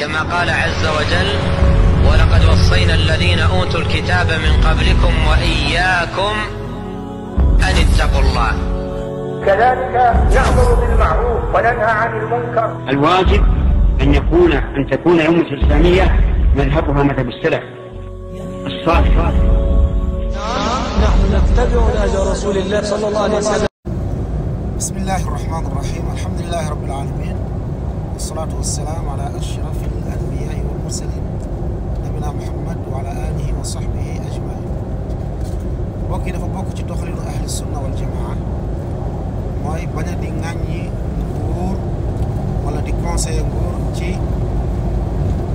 كما قال عز وجل ولقد وصينا الذين أوتوا الكتاب من قبلكم وإياكم أن اتقوا الله كذلك نأمر بالمعروف وننهى عن المنكر الواجب أن يكون أن تكون أمة الإسلامية مذهبها مذهب السلف الصالح نحن نتبع الأجر رسول الله صلى الله عليه وسلم بسم الله الرحمن الرحيم الحمد لله رب العالمين والصلاة والسلام على أشرف الأنبياء والمرسلين نبينا محمد وعلى آله وصحبه أجمعين وكنا فبوك تدخلين أهل السنة والجماعة ماي بنا دينغاني نقول ولا دي كونسي نقول تي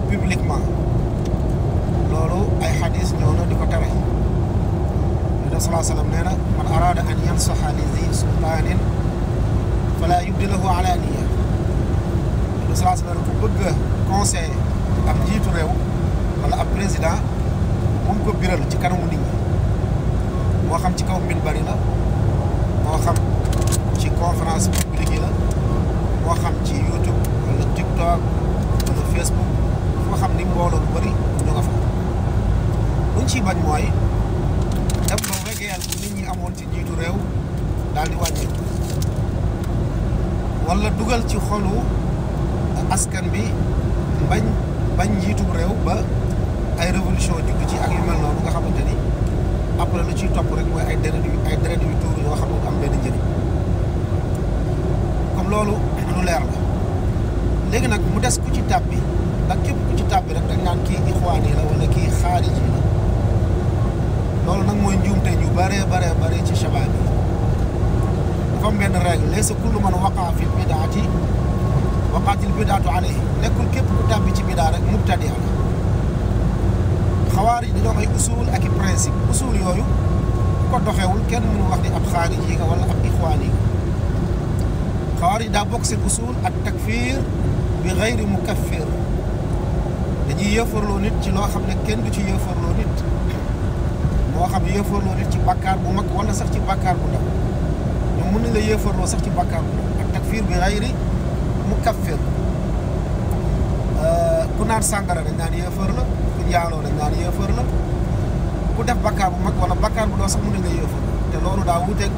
بيبليك ما لولو أي حديث نيونا دي كتره صلى الله عليه وسلم من أراد أن ينصح لذي سلطان فلا يبدله على نيه sallallahu alayhi wa sallam conseil ab jiitu réew wala ab président mun ko biral ci kanamu nit ñi moo xam ci kaw min bari la moo xam ci conférence publique yi la moo xam ci YouTube wala TikTok Facebook foo xam ni mbooloo bu bëri luñ ciy bañ mooy dem ba wegeel nit ñi amoon ci jiitu réew daal di wàññi wala dugal ci xolu askan bi bañ bañ njiitum réew ba ay révolution juddu ci ak yu mel noonu nga xamante ni après lu ciy topp rek mooy ay deret yu ay deret yu tuur yoo xam am benn njëriñ comme loolu lu leer la léegi nag mu des ku ci tàbbi ndax képp ku ci tàbbi rek dañ naan kii la wala kii xaariji la loolu nag mooy njuumte yu bare bare bare ci shabaab yi dafa am benn règle laysa kullu man waqaa fi bidaati وقاتل البدعات عليه لكن كيف كتاب بيتي بدا رك مبتدع خوارج دي دوخاي اصول اكي برينسيپ اصول يوي كو دوخيول كين من واخدي اب خارجي ولا اب اخواني خوارج دا بوكس اصول التكفير بغير مكفر دي يفر لو نيت سي لو خامني كين دو سي يفر لو نيت مو خام يفر نيت سي بكار بو مك ولا صاح سي بكار بو ندم مون لا يفر صاح سي بكار التكفير بغير mu kaffir euh, ku naan sàngara dañ naan yéefar la ku njaaloo dañ naan yéefar la ku def bakkaar bu mag wala bakkaar bu doo sax mën na nga yéefar te loolu daa wuuteeg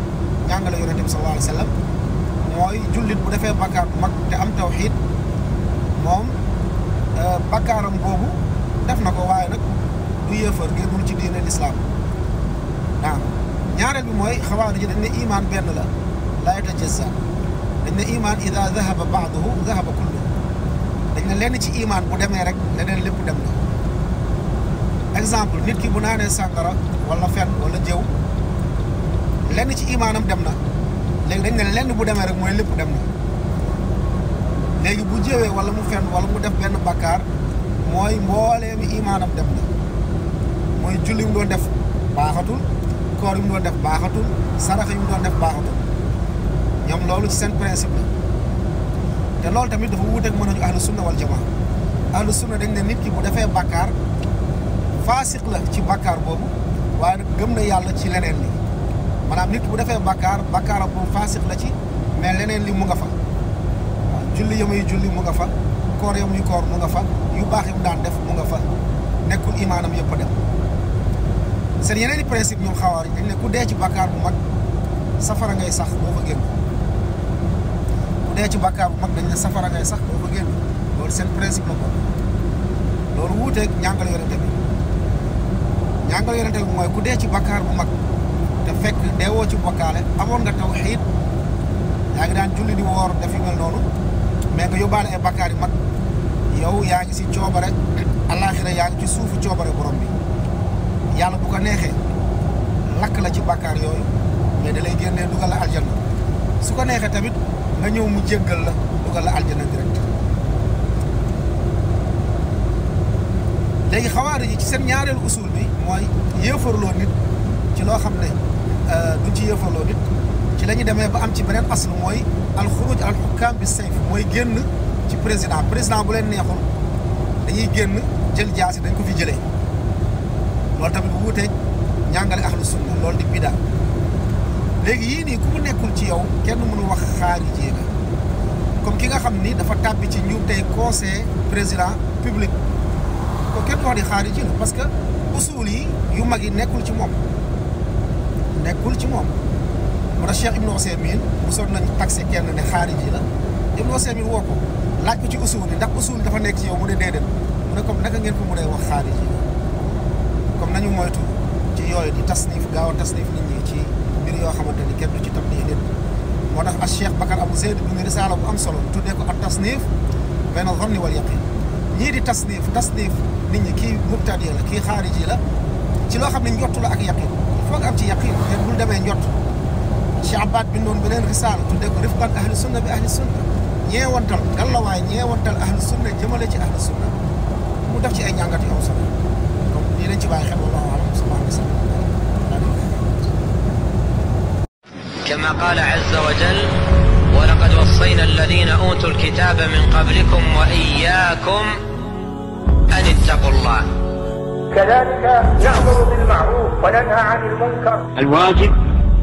njàngale yonente bi sallallahu alayhi bu defee bakkaar te am tawxiid moom euh, bakkaaram boobu def na ko waaye nag du yéefar génnul ci diine lislaam waaw ñaareel mooy xawaar ji dañ ne imaan benn la lay tajazza dañ ne imaan ida dahaba baaduhu dahaba dañ ne lenn ci imaan bu demee rek leneen lépp dem na exemple nit ki bu naanee sàngara walla fen wala jëw lenn ci imaanam dem na léegi dañ ne lenn bu demee rek mooy lépp dem na léegi bu jëwee wala mu fen wala mu def benn bakkaar mooy mbooleemi imaanam dem na mooy julli mu doon def baaxatul koor yi doon def baaxatul sarax yi mu doon def baaxatul ñoom loolu ci seen principe la te loolu tamit dafa wuuteeg mën nañu ahlu sunna wal jamaa ahlu dañ ne nit ki bu defee bàkkaar faasiq la ci bàkkaar boobu waaye nag gëm na yàlla ci leneen li maanaam nit bu defee bàkkaar bàkkaar boobu faasiq la ci mais leneen li mu nga fa waaw julli yamuy julli mu nga fa koor yamuy koor mu nga fa yu baax yam daan def mu nga fa nekkul imaanam yëpp a dem seen yeneen i principe ñoom xawaar yi dañ ne ku dee ci bàkkaar bu mag safara ngay sax boo fa dee ci bàkkaar bu mag dañ ne safara ngay sax boo ko génn loolu seen principe la ko loolu wuuteeg ñàngal yonente bi ñàngal yonente bi mooy ku dee ci bakkaar bu mag te fekk deewoo ci bokkaale amoon nga tawhiid yaa ngi daan julli di woor daf yu mel noonu mais nga yóbbaale ay bàkkaar yu mag yow yaa ngi si coobare alaaxira yaa ngi ci suufu coobare borom bi yàlla bu ko neexee lakk la ci bàkkaar yooyu mais da lay génnee dugal la su ko neexee tamit nga ñëw mu jéggal la dugal la aljana direct léegi xawaar yi ci seen ñaareelu usul bi mooy yéefarloo nit ci loo xam ne duñ ci yéefarloo nit ci la ñu demee ba am ci beneen aslu mooy alxuruj al xukkaam bi sayf mooy génn ci président président bu leen neexul dañuy génn jël jaasi dañ ko fi jëlee loolu tamit bu wuuteeg ñàngale ahlu sunna loolu di bidaa léegi yii nii ku mu nekkul ci yow kenn mënu wax xaari jéega comme ki nga xam ni dafa tàbbi ci ñu tey conseil président public ko kenn wax di xaari la parce que usul yi yu mag yi nekkul ci moom nekkul ci moom moo tax Cheikh Ibn Ousaymin mosoon nañ taxé kenn ne xaari ji la Ibn Ousaymin woo ko laaj ko ci usul yi ndax usul dafa nekk ci yow mu ne déedéet mu ne comme naka ngeen ko mu mënee wax xaari comme nañu moytu ci yooyu di tasnif gaaw tasnif nit ñi mbir yoo xamante ni kenn du ci tamliix nit moo tax ak Cheikh Bakar Abou Zeyd bi ñu risaala bu am solo tuddee ko ak tasnif bayna zanni wal yaqin ñii di tasnif tasnif nit ñi kii mubtadi la kii xaariji la ci loo xam ne njottu la ak yaqin foog am ci yaqin leen bul demee njott Cheikh Abad bindoon beneen risaala tuddee ko rifqan ahli sunna bi ahli sunna ñeewantal gallawaay ñeewantal ahli sunna jëmale ci ahli sunna mu def ci ay njàngat yu am solo donc lii lañ ci bàyyi xel wallahu alam subhanahu wa sallam كما قال عز وجل ولقد وصينا الذين أوتوا الكتاب من قبلكم وإياكم أن اتقوا الله كذلك نأمر بالمعروف وننهى عن المنكر الواجب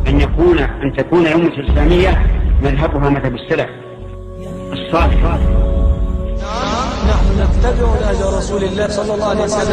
أن يكون أن تكون الأمة الإسلامية مذهبها مذهب السلف الصالح نحن نتبع الأجر رسول الله صلى الله عليه وسلم